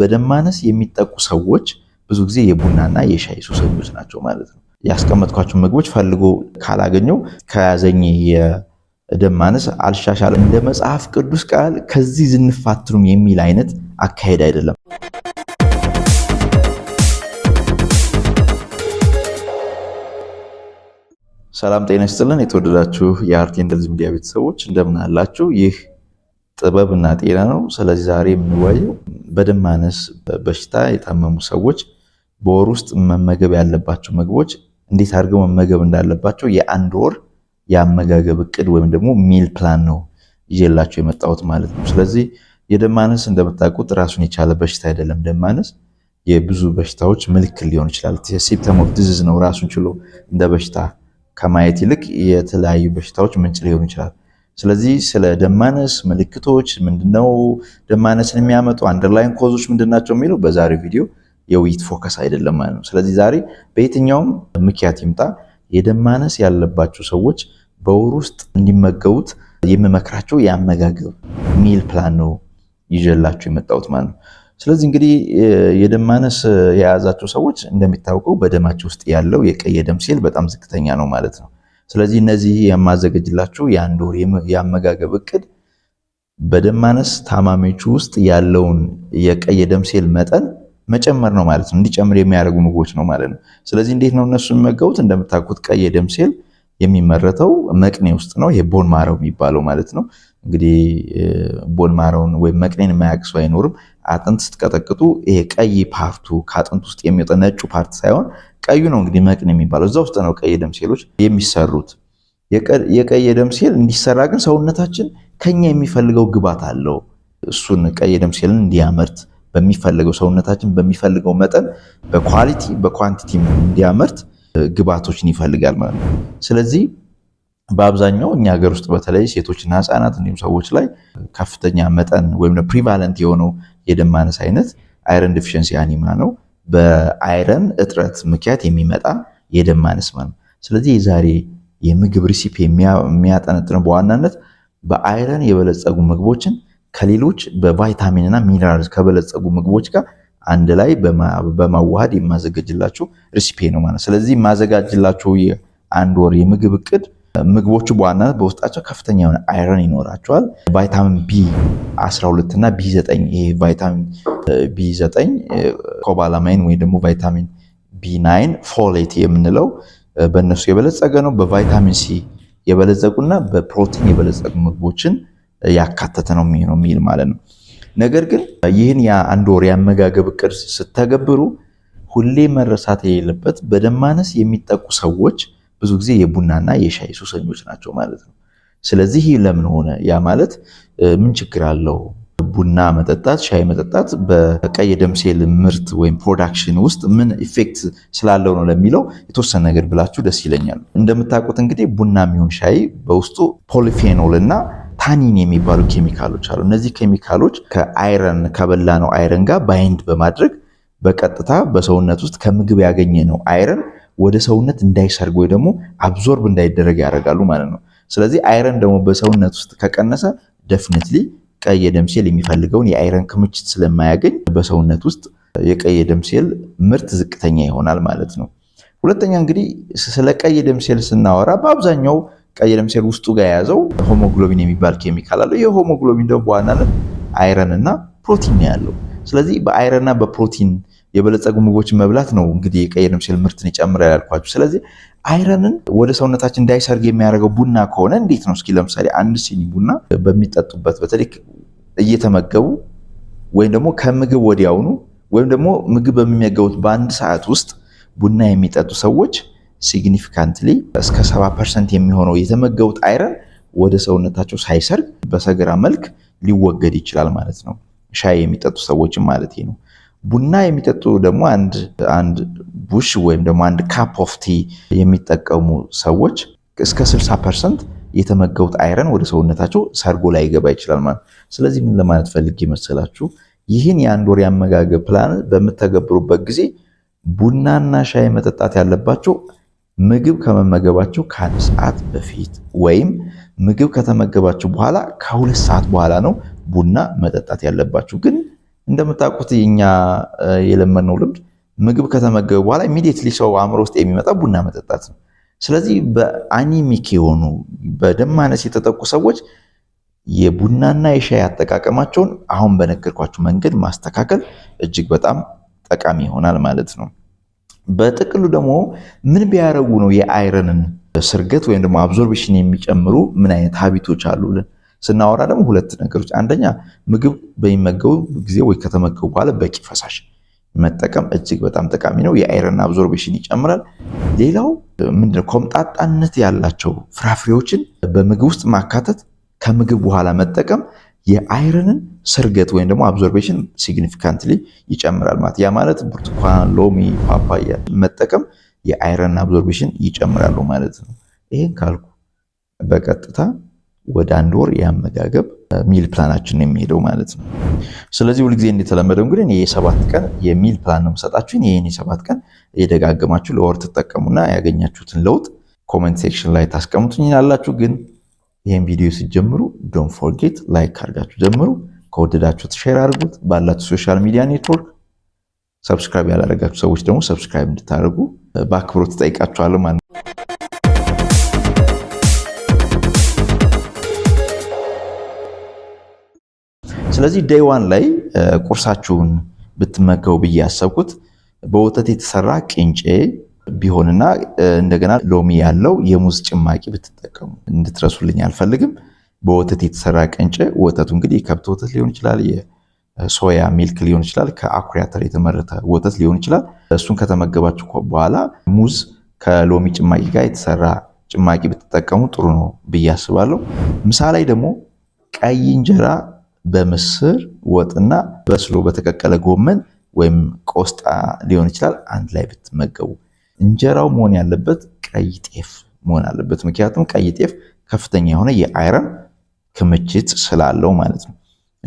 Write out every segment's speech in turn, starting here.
በደም ማነስ የሚጠቁ ሰዎች ብዙ ጊዜ የቡናና የሻይ ሱሰኞች ናቸው ማለት ነው። ያስቀመጥኳቸው ምግቦች ፈልጎ ካላገኘው ከያዘኝ የደም ማነስ አልሻሻለም። እንደ መጽሐፍ ቅዱስ ቃል ከዚህ ዝንፋትሩም የሚል አይነት አካሄድ አይደለም። ሰላም ጤና ይስጥልን። የተወደዳችሁ የአርቴ ሚዲያ ቤተሰቦች እንደምን አላችሁ? ይህ ጥበብና ጤና ነው። ስለዚህ ዛሬ የምንወየው በደም ማነስ በሽታ የታመሙ ሰዎች በወር ውስጥ መመገብ ያለባቸው ምግቦች እንዴት አድርገው መመገብ እንዳለባቸው የአንድ ወር የአመጋገብ እቅድ ወይም ደግሞ ሚል ፕላን ነው ይዤላቸው የመጣሁት ማለት ነው። ስለዚህ የደም ማነስ እንደምታውቁት ራሱን የቻለ በሽታ አይደለም። ደም ማነስ የብዙ በሽታዎች ምልክት ሊሆን ይችላል። ሲምፕተም ኦፍ ዲዚዝ ነው ራሱን ችሎ እንደ በሽታ ከማየት ይልቅ የተለያዩ በሽታዎች ምንጭ ሊሆን ይችላል። ስለዚህ ስለ ደማነስ ምልክቶች ምንድነው፣ ደማነስን የሚያመጡ አንደርላይን ኮዞች ምንድናቸው የሚለው በዛሬው ቪዲዮ የውይይት ፎከስ አይደለም ማለት ነው። ስለዚህ ዛሬ በየትኛውም ምክንያት ይምጣ የደማነስ ያለባቸው ሰዎች በወር ውስጥ እንዲመገቡት የምመክራቸው የአመጋገብ ሚል ፕላን ነው ይዤላችሁ የመጣሁት ማለት ነው። ስለዚህ እንግዲህ የደማነስ የያዛቸው ሰዎች እንደሚታወቀው በደማቸው ውስጥ ያለው የቀይ ደም ሴል በጣም ዝቅተኛ ነው ማለት ነው። ስለዚህ እነዚህ የማዘገጅላችሁ የአንድ ወር የአመጋገብ እቅድ በደም ማነስ ታማሚዎች ውስጥ ያለውን የቀይ የደም ሴል መጠን መጨመር ነው ማለት ነው። እንዲጨምር የሚያደርጉ ምግቦች ነው ማለት ነው። ስለዚህ እንዴት ነው እነሱ የሚመገቡት? እንደምታውቁት ቀይ የደም ሴል የሚመረተው መቅኔ ውስጥ ነው። ይሄ ቦን ማረው የሚባለው ማለት ነው። እንግዲህ ቦን ማረውን ወይም መቅኔን የማያውቅ አይኖርም። አጥንት ስትቀጠቅጡ ይሄ ቀይ ፓርቱ ከአጥንት ውስጥ የሚወጣ ነጩ ፓርት ሳይሆን ቀዩ ነው እንግዲህ መቅን የሚባለው እዛ ውስጥ ነው ቀይ ደም ሴሎች የሚሰሩት። የቀይ ደም ሴል እንዲሰራ ግን ሰውነታችን ከኛ የሚፈልገው ግብዓት አለው። እሱን ቀይ ደም ሴልን እንዲያመርት በሚፈልገው ሰውነታችን በሚፈልገው መጠን በኳሊቲ በኳንቲቲ እንዲያመርት ግብዓቶችን ይፈልጋል ማለት ነው። ስለዚህ በአብዛኛው እኛ ሀገር ውስጥ በተለይ ሴቶችና ህፃናት እንዲሁም ሰዎች ላይ ከፍተኛ መጠን ወይም ፕሪቫለንት የሆነው የደም ማነስ አይነት አይረን ዲፊሽንሲ አኒሚያ ነው። በአይረን እጥረት ምክንያት የሚመጣ የደም ማነስ ነው። ስለዚህ የዛሬ የምግብ ሪሲፒ የሚያጠነጥነው በዋናነት በአይረን የበለጸጉ ምግቦችን ከሌሎች በቫይታሚንና ሚኒራል ከበለጸጉ ምግቦች ጋር አንድ ላይ በማዋሃድ የማዘጋጅላችሁ ሪሲፔ ነው ማለት። ስለዚህ የማዘጋጅላችሁ የአንድ ወር የምግብ እቅድ ምግቦቹ በዋናነት በውስጣቸው ከፍተኛ የሆነ አይረን ይኖራቸዋል። ቫይታሚን ቢ 12 እና ቢ 9 ይሄ ቫይታሚን ቢ 9 ኮባላማይን ወይ ደግሞ ቫይታሚን ቢ 9 ፎሌት የምንለው በእነሱ የበለጸገ ነው። በቫይታሚን ሲ የበለጸጉና በፕሮቲን የበለጸጉ ምግቦችን ያካተተ ነው የሚሆነው ሚል ማለት ነው። ነገር ግን ይህን የአንድ ወር የአመጋገብ እቅድ ስተገብሩ ሁሌ መረሳት የሌለበት በደም ማነስ የሚጠቁ ሰዎች ብዙ ጊዜ የቡናና የሻይ ሱሰኞች ናቸው ማለት ነው። ስለዚህ ለምን ሆነ? ያ ማለት ምን ችግር አለው? ቡና መጠጣት፣ ሻይ መጠጣት በቀይ የደም ሴል ምርት ወይም ፕሮዳክሽን ውስጥ ምን ኢፌክት ስላለው ነው ለሚለው የተወሰነ ነገር ብላችሁ ደስ ይለኛል። እንደምታውቁት እንግዲህ ቡና የሚሆን ሻይ በውስጡ ፖሊፌኖል እና ታኒን የሚባሉ ኬሚካሎች አሉ። እነዚህ ኬሚካሎች ከአይረን ከበላ ነው አይረን ጋር ባይንድ በማድረግ በቀጥታ በሰውነት ውስጥ ከምግብ ያገኘ ነው አይረን ወደ ሰውነት እንዳይሰርግ ወይ ደግሞ አብዞርብ እንዳይደረግ ያደርጋሉ ማለት ነው። ስለዚህ አይረን ደግሞ በሰውነት ውስጥ ከቀነሰ ደፍነትሊ ቀይ ደምሴል ሴል የሚፈልገውን የአይረን ክምችት ስለማያገኝ በሰውነት ውስጥ የቀይ ደምሴል ሴል ምርት ዝቅተኛ ይሆናል ማለት ነው። ሁለተኛ እንግዲህ ስለ ቀይ ደም ሴል ስናወራ በአብዛኛው ቀይ ደም ሴል ውስጡ ጋር የያዘው ሆሞግሎቢን የሚባል ኬሚካል አለው። ይህ ሆሞግሎቢን ደግሞ በዋናነት አይረን እና ፕሮቲን ያለው። ስለዚህ በአይረንና በፕሮቲን የበለጸጉ ምግቦችን መብላት ነው እንግዲህ የቀይ ደም ሴል ምርትን ይጨምራል ያልኳችሁ። ስለዚህ አይረንን ወደ ሰውነታችን እንዳይሰርግ የሚያደርገው ቡና ከሆነ እንዴት ነው? እስኪ ለምሳሌ አንድ ሲኒ ቡና በሚጠጡበት በተለይ እየተመገቡ ወይም ደግሞ ከምግብ ወዲያውኑ ወይም ደግሞ ምግብ በሚመገቡት በአንድ ሰዓት ውስጥ ቡና የሚጠጡ ሰዎች ሲግኒፊካንትሊ እስከ 70 ፐርሰንት የሚሆነው የተመገቡት አይረን ወደ ሰውነታቸው ሳይሰርግ በሰገራ መልክ ሊወገድ ይችላል ማለት ነው። ሻይ የሚጠጡ ሰዎችም ማለት ነው። ቡና የሚጠጡ ደግሞ አንድ አንድ ቡሽ ወይም ደግሞ አንድ ካፕ ኦፍ ቲ የሚጠቀሙ ሰዎች እስከ 60 ፐርሰንት የተመገቡት አይረን ወደ ሰውነታቸው ሰርጎ ላይ ይገባ ይችላል ማለት። ስለዚህ ምን ለማለት ፈልግ መሰላችሁ ይህን የአንድ ወር የአመጋገብ ፕላን በምተገብሩበት ጊዜ ቡናና ሻይ መጠጣት ያለባቸው ምግብ ከመመገባቸው ከአንድ ሰዓት በፊት ወይም ምግብ ከተመገባቸው በኋላ ከሁለት ሰዓት በኋላ ነው ቡና መጠጣት ያለባችሁ ግን እንደምታውቁት የኛ የለመድነው ልምድ ምግብ ከተመገቡ በኋላ ኢሚዲየትሊ ሰው አእምሮ ውስጥ የሚመጣ ቡና መጠጣት ነው። ስለዚህ በአኒሚክ የሆኑ በደም ማነስ የተጠቁ ሰዎች የቡናና የሻይ አጠቃቀማቸውን አሁን በነገርኳችሁ መንገድ ማስተካከል እጅግ በጣም ጠቃሚ ይሆናል ማለት ነው። በጥቅሉ ደግሞ ምን ቢያደረጉ ነው የአይረንን ስርገት ወይም ደግሞ አብዞርቤሽን የሚጨምሩ ምን አይነት ሀቢቶች አሉ ብለን ስናወራ ደግሞ ሁለት ነገሮች፣ አንደኛ ምግብ በሚመገቡ ጊዜ ወይ ከተመገቡ በኋላ በቂ ፈሳሽ መጠቀም እጅግ በጣም ጠቃሚ ነው። የአይረን አብዞርቤሽን ይጨምራል። ሌላው ምንድነው? ኮምጣጣነት ያላቸው ፍራፍሬዎችን በምግብ ውስጥ ማካተት፣ ከምግብ በኋላ መጠቀም የአይረንን ስርገት ወይም ደግሞ አብዞርቤሽን ሲግኒፊካንትሊ ይጨምራል ማለት ያ ማለት ብርቱካን፣ ሎሚ፣ ፓፓያ መጠቀም የአይረን አብዞርቤሽን ይጨምራሉ ማለት ነው። ይህን ካልኩ በቀጥታ ወደ አንድ ወር የአመጋገብ ሚል ፕላናችን ነው የሚሄደው ማለት ነው። ስለዚህ ሁልጊዜ እንደተለመደው እንግዲህ የሰባት ቀን የሚል ፕላን ነው የምሰጣችሁ። ይህን የሰባት ቀን እየደጋገማችሁ ለወር ትጠቀሙና ያገኛችሁትን ለውጥ ኮመንት ሴክሽን ላይ ታስቀምጡኝ አላችሁ። ግን ይህን ቪዲዮ ሲጀምሩ ዶንት ፎርጌት ላይክ አድርጋችሁ ጀምሩ። ከወደዳችሁት ሼር አድርጉት ባላችሁ ሶሻል ሚዲያ ኔትወርክ። ሰብስክራይብ ያላደረጋችሁ ሰዎች ደግሞ ሰብስክራይብ እንድታደርጉ በአክብሮት ትጠይቃችኋለሁ ማለት ነው። ስለዚህ ደይዋን ላይ ቁርሳችሁን ብትመገቡ ብዬ ያሰብኩት በወተት የተሰራ ቅንጬ ቢሆንና እንደገና ሎሚ ያለው የሙዝ ጭማቂ ብትጠቀሙ እንድትረሱልኝ አልፈልግም። በወተት የተሰራ ቅንጬ ወተቱ እንግዲህ የከብት ወተት ሊሆን ይችላል፣ የሶያ ሚልክ ሊሆን ይችላል፣ ከአኩሪ አተር የተመረተ ወተት ሊሆን ይችላል። እሱን ከተመገባችሁ በኋላ ሙዝ ከሎሚ ጭማቂ ጋር የተሰራ ጭማቂ ብትጠቀሙ ጥሩ ነው ብዬ አስባለሁ። ምሳ ላይ ደግሞ ቀይ እንጀራ በምስር ወጥና በስሎ በተቀቀለ ጎመን ወይም ቆስጣ ሊሆን ይችላል አንድ ላይ ብትመገቡ። እንጀራው መሆን ያለበት ቀይ ጤፍ መሆን አለበት። ምክንያቱም ቀይ ጤፍ ከፍተኛ የሆነ የአይረን ክምችት ስላለው ማለት ነው።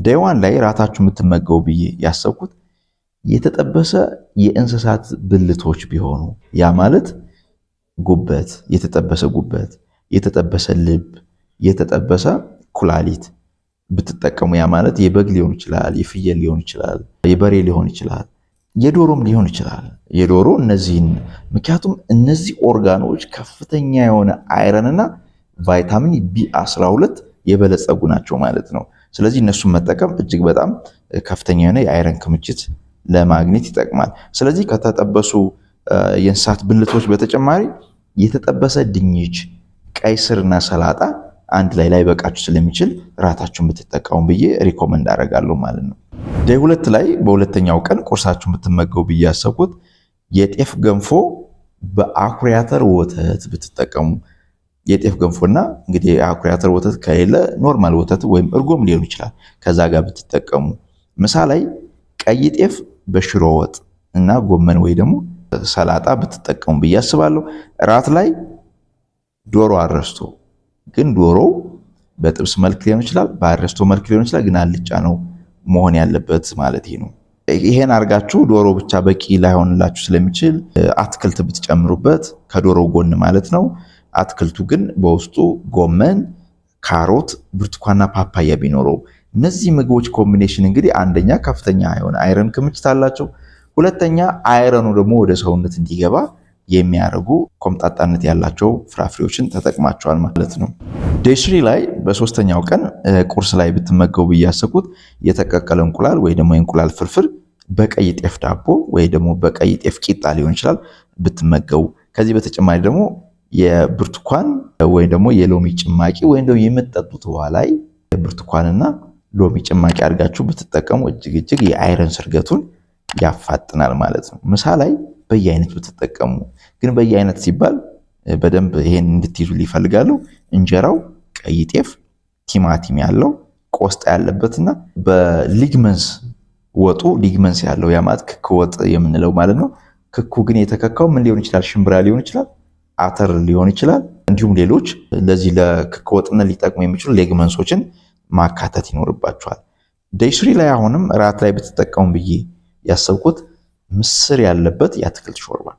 ደይዋን ላይ ራታችሁ የምትመገቡ ብዬ ያሰብኩት የተጠበሰ የእንስሳት ብልቶች ቢሆኑ ያ ማለት ጉበት፣ የተጠበሰ ጉበት፣ የተጠበሰ ልብ፣ የተጠበሰ ኩላሊት ብትጠቀሙ ያ ማለት የበግ ሊሆን ይችላል፣ የፍየል ሊሆን ይችላል፣ የበሬ ሊሆን ይችላል፣ የዶሮም ሊሆን ይችላል። የዶሮ እነዚህን ምክንያቱም እነዚህ ኦርጋኖች ከፍተኛ የሆነ አይረንና ቫይታሚን ቢ12 የበለጸጉ ናቸው ማለት ነው። ስለዚህ እነሱን መጠቀም እጅግ በጣም ከፍተኛ የሆነ የአይረን ክምችት ለማግኘት ይጠቅማል። ስለዚህ ከተጠበሱ የእንስሳት ብልቶች በተጨማሪ የተጠበሰ ድንች፣ ቀይ ስርና ሰላጣ አንድ ላይ ላይ በቃችሁ ስለሚችል ራታችሁን ብትጠቀሙ ብዬ ሪኮመንድ አደርጋለሁ ማለት ነው። ዴይ ሁለት ላይ በሁለተኛው ቀን ቁርሳችሁን ብትመገቡ ብዬ ያሰብኩት የጤፍ ገንፎ በአኩሪ አተር ወተት ብትጠቀሙ የጤፍ ገንፎና እንግዲህ የአኩሪ አተር ወተት ከሌለ ኖርማል ወተት ወይም እርጎም ሊሆን ይችላል። ከዛ ጋር ብትጠቀሙ። ምሳ ላይ ቀይ ጤፍ በሽሮ ወጥ እና ጎመን ወይ ደግሞ ሰላጣ ብትጠቀሙ ብዬ አስባለሁ። እራት ላይ ዶሮ አረስቶ ግን ዶሮ በጥብስ መልክ ሊሆን ይችላል፣ በአረስቶ መልክ ሊሆን ይችላል። ግን አልጫ ነው መሆን ያለበት ማለት ነው። ይሄን አድርጋችሁ ዶሮ ብቻ በቂ ላይሆንላችሁ ስለሚችል አትክልት ብትጨምሩበት ከዶሮ ጎን ማለት ነው። አትክልቱ ግን በውስጡ ጎመን፣ ካሮት፣ ብርቱካንና ፓፓያ ቢኖረው እነዚህ ምግቦች ኮምቢኔሽን እንግዲህ አንደኛ ከፍተኛ የሆነ አይረን ክምችት አላቸው። ሁለተኛ አይረኑ ደግሞ ወደ ሰውነት እንዲገባ የሚያደርጉ ኮምጣጣነት ያላቸው ፍራፍሬዎችን ተጠቅማቸዋል ማለት ነው። ዴሽሪ ላይ በሶስተኛው ቀን ቁርስ ላይ ብትመገቡ እያሰብኩት የተቀቀለ እንቁላል ወይ ደግሞ የእንቁላል ፍርፍር በቀይ ጤፍ ዳቦ ወይ ደግሞ በቀይ ጤፍ ቂጣ ሊሆን ይችላል ብትመገቡ። ከዚህ በተጨማሪ ደግሞ የብርቱካን ወይ ደግሞ የሎሚ ጭማቂ ወይም ደግሞ የምትጠጡት ውሃ ላይ የብርቱካንና ሎሚ ጭማቂ አድርጋችሁ ብትጠቀሙ እጅግ እጅግ የአይረን ስርገቱን ያፋጥናል ማለት ነው። ምሳ ላይ በየአይነት ብትጠቀሙ ግን በየአይነት ሲባል በደንብ ይሄን እንድትይዙ ይፈልጋሉ። እንጀራው ቀይ ጤፍ፣ ቲማቲም ያለው ቆስጣ ያለበትና በሊግመንስ ወጡ ሊግመንስ ያለው ያማት ክክ ወጥ የምንለው ማለት ነው። ክኩ ግን የተከካው ምን ሊሆን ይችላል? ሽምብራ ሊሆን ይችላል፣ አተር ሊሆን ይችላል። እንዲሁም ሌሎች ለዚህ ለክክ ወጥነት ሊጠቅሙ የሚችሉ ሌግመንሶችን ማካተት ይኖርባቸዋል። ዴሽሪ ላይ አሁንም እራት ላይ ብትጠቀሙ ብዬ ያሰብኩት ምስር ያለበት የአትክልት ሾርባ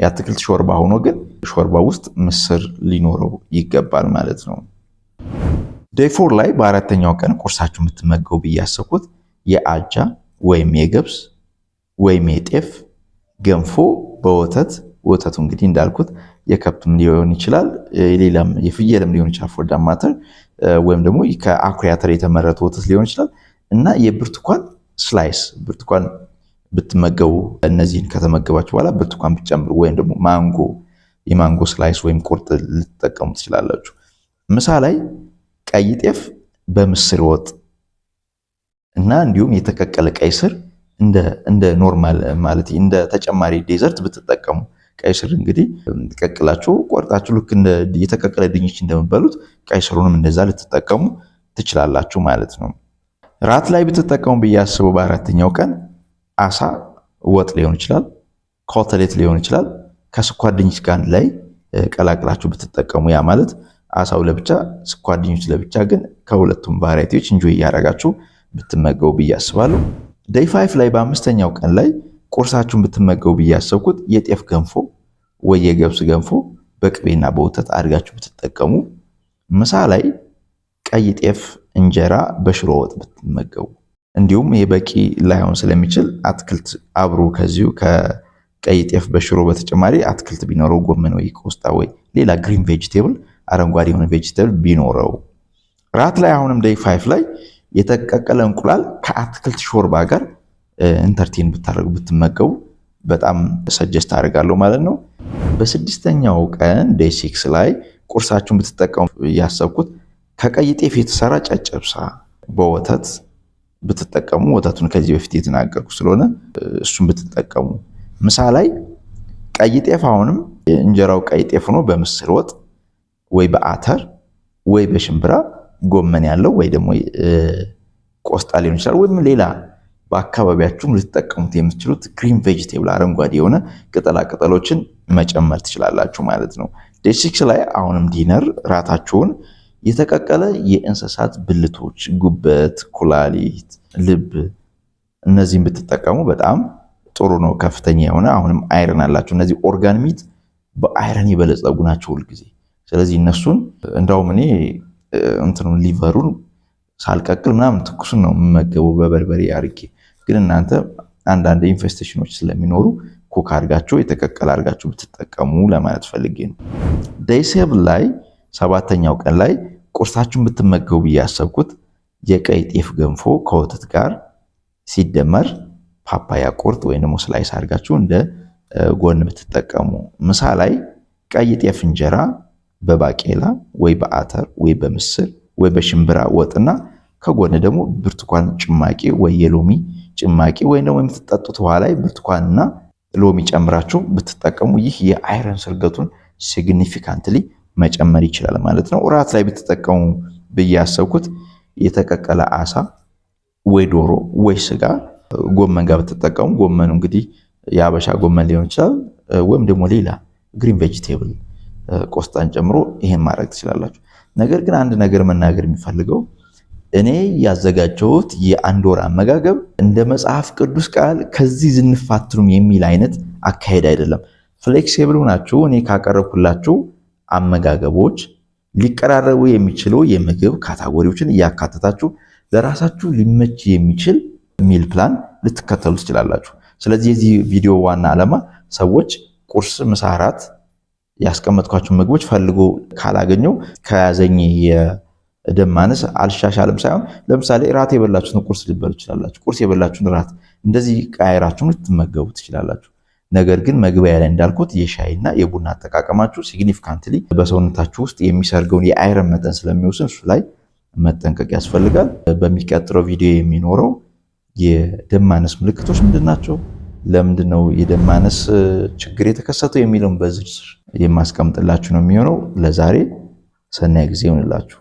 የአትክልት ሾርባ ሆኖ ግን ሾርባ ውስጥ ምስር ሊኖረው ይገባል ማለት ነው። ዴይ ፎር ላይ በአራተኛው ቀን ቁርሳችሁ የምትመገቡ ብዬ ያሰብኩት የአጃ ወይም የገብስ ወይም የጤፍ ገንፎ በወተት ወተቱ እንግዲህ እንዳልኩት የከብትም ሊሆን ይችላል፣ የሌላም የፍየልም ሊሆን ይችላል። ፎር ዳት ማተር ወይም ደግሞ ከአኩሪ አተር የተመረተ ወተት ሊሆን ይችላል እና የብርቱካን ስላይስ ብርቱካን ብትመገቡ እነዚህን ከተመገባችሁ በኋላ ብርቱካን ብትጨምሩ ወይም ደግሞ ማንጎ የማንጎ ስላይስ ወይም ቁርጥ ልትጠቀሙ ትችላላችሁ። ምሳ ላይ ቀይ ጤፍ በምስር ወጥ እና እንዲሁም የተቀቀለ ቀይ ስር እንደ ኖርማል ማለት እንደ ተጨማሪ ዴዘርት ብትጠቀሙ ቀይ ስር እንግዲህ ቀቅላችሁ ቆርጣችሁ ልክ የተቀቀለ ድንች እንደምበሉት ቀይ ስሩንም እንደዛ ልትጠቀሙ ትችላላችሁ ማለት ነው። ራት ላይ ብትጠቀሙ ብዬ አስበው በአራተኛው ቀን አሳ ወጥ ሊሆን ይችላል፣ ኮተሌት ሊሆን ይችላል። ከስኳር ድንች ጋር ላይ ቀላቅላችሁ ብትጠቀሙ ያ ማለት አሳው ለብቻ ስኳር ድንች ለብቻ፣ ግን ከሁለቱም ቫራይቲዎች እንጆ እያደረጋችሁ ብትመገቡ ብዬ አስባለሁ። ደይ ፋይፍ ላይ በአምስተኛው ቀን ላይ ቁርሳችሁን ብትመገቡ ብዬ ያሰብኩት የጤፍ ገንፎ ወይ የገብስ ገንፎ በቅቤና በወተት አድርጋችሁ ብትጠቀሙ። ምሳ ላይ ቀይ ጤፍ እንጀራ በሽሮ ወጥ ብትመገቡ እንዲሁም ይህ በቂ ላይሆን ስለሚችል አትክልት አብሮ ከዚሁ ከቀይ ጤፍ በሽሮ በተጨማሪ አትክልት ቢኖረው ጎመን ወይ ቆስጣ ወይ ሌላ ግሪን ቬጅቴብል አረንጓዴ የሆነ ቬጅቴብል ቢኖረው። ራት ላይ አሁንም ደይ ፋይፍ ላይ የተቀቀለ እንቁላል ከአትክልት ሾርባ ጋር ኢንተርቴን ብታደርጉ ብትመገቡ በጣም ሰጀስት አደርጋለሁ ማለት ነው። በስድስተኛው ቀን ደይ ሲክስ ላይ ቁርሳችሁን ብትጠቀሙ እያሰብኩት ከቀይ ጤፍ የተሰራ ጨጨብሳ በወተት ብትጠቀሙ ወተቱን ከዚህ በፊት የተናገርኩ ስለሆነ እሱን ብትጠቀሙ። ምሳ ላይ ቀይ ጤፍ አሁንም እንጀራው ቀይ ጤፍ ሆኖ በምስር ወጥ ወይ በአተር ወይ በሽምብራ ጎመን ያለው ወይ ደግሞ ቆስጣ ሊሆን ይችላል ወይም ሌላ በአካባቢያችሁም ልትጠቀሙት የምትችሉት ግሪን ቬጅቴብል አረንጓዴ የሆነ ቅጠላ ቅጠሎችን መጨመር ትችላላችሁ ማለት ነው። ዴይ ላይ አሁንም ዲነር ራታችሁን የተቀቀለ የእንስሳት ብልቶች፣ ጉበት፣ ኩላሊት፣ ልብ እነዚህን ብትጠቀሙ በጣም ጥሩ ነው። ከፍተኛ የሆነ አሁንም አይረን አላቸው። እነዚህ ኦርጋን ሚት በአይረን የበለጸጉ ናቸው ሁልጊዜ። ስለዚህ እነሱን እንዳውም እኔ እንትኑ ሊቨሩን ሳልቀቅል ምናምን ትኩሱን ነው የምመገበው በበርበሬ አርጌ። ግን እናንተ አንዳንድ ኢንፌስቴሽኖች ስለሚኖሩ ኮክ አርጋችሁ የተቀቀለ አርጋችሁ ብትጠቀሙ ለማለት ፈልጌ ነው። ደይሴብ ላይ ሰባተኛው ቀን ላይ ቁርሳችሁን ብትመገቡ ብዬ ያሰብኩት የቀይ ጤፍ ገንፎ ከወተት ጋር ሲደመር ፓፓያ ቁርጥ ወይም ደግሞ ስላይስ አድርጋችሁ እንደ ጎን ብትጠቀሙ። ምሳ ላይ ቀይ ጤፍ እንጀራ በባቄላ ወይ በአተር ወይ በምስር ወይ በሽምብራ ወጥና ከጎን ደግሞ ብርቱካን ጭማቂ ወይ የሎሚ ጭማቂ ወይም ደግሞ የምትጠጡት ውሃ ላይ ብርቱካንና ሎሚ ጨምራችሁ ብትጠቀሙ ይህ የአይረን ስርገቱን ሲግኒፊካንትሊ መጨመር ይችላል ማለት ነው። እራት ላይ ብትጠቀሙ ብዬ ያሰብኩት የተቀቀለ አሳ ወይ ዶሮ ወይ ስጋ ጎመን ጋር ብትጠቀሙ፣ ጎመኑ እንግዲህ የአበሻ ጎመን ሊሆን ይችላል ወይም ደግሞ ሌላ ግሪን ቬጅቴብል ቆስጣን ጨምሮ ይሄን ማድረግ ትችላላችሁ። ነገር ግን አንድ ነገር መናገር የሚፈልገው እኔ ያዘጋጀሁት የአንድ ወር አመጋገብ እንደ መጽሐፍ ቅዱስ ቃል ከዚህ ዝንፋትሩም የሚል አይነት አካሄድ አይደለም። ፍሌክሲብል ሆናችሁ እኔ ካቀረብኩላችሁ አመጋገቦች ሊቀራረቡ የሚችሉ የምግብ ካታጎሪዎችን እያካተታችሁ ለራሳችሁ ሊመች የሚችል ሚል ፕላን ልትከተሉ ትችላላችሁ። ስለዚህ የዚህ ቪዲዮ ዋና ዓላማ ሰዎች ቁርስ፣ ምሳ፣ እራት ያስቀመጥኳቸው ምግቦች ፈልጎ ካላገኘው ከያዘኝ የደም ማነስ አልሻሻልም ሳይሆን ለምሳሌ እራት የበላችሁትን ቁርስ ልበሉ ትችላላችሁ። ቁርስ የበላችሁን እራት እንደዚህ ቀያይራችሁን ልትመገቡ ትችላላችሁ። ነገር ግን መግቢያ ላይ እንዳልኩት የሻይና የቡና አጠቃቀማችሁ ሲግኒፊካንትሊ በሰውነታችሁ ውስጥ የሚሰርገውን የአይረን መጠን ስለሚወስን እሱ ላይ መጠንቀቅ ያስፈልጋል። በሚቀጥለው ቪዲዮ የሚኖረው የደም ማነስ ምልክቶች ምንድን ናቸው፣ ለምንድን ነው የደም ማነስ ችግር የተከሰተው የሚለውን በዝርዝር የማስቀምጥላችሁ ነው የሚሆነው። ለዛሬ ሰናይ ጊዜ ይሆንላችሁ።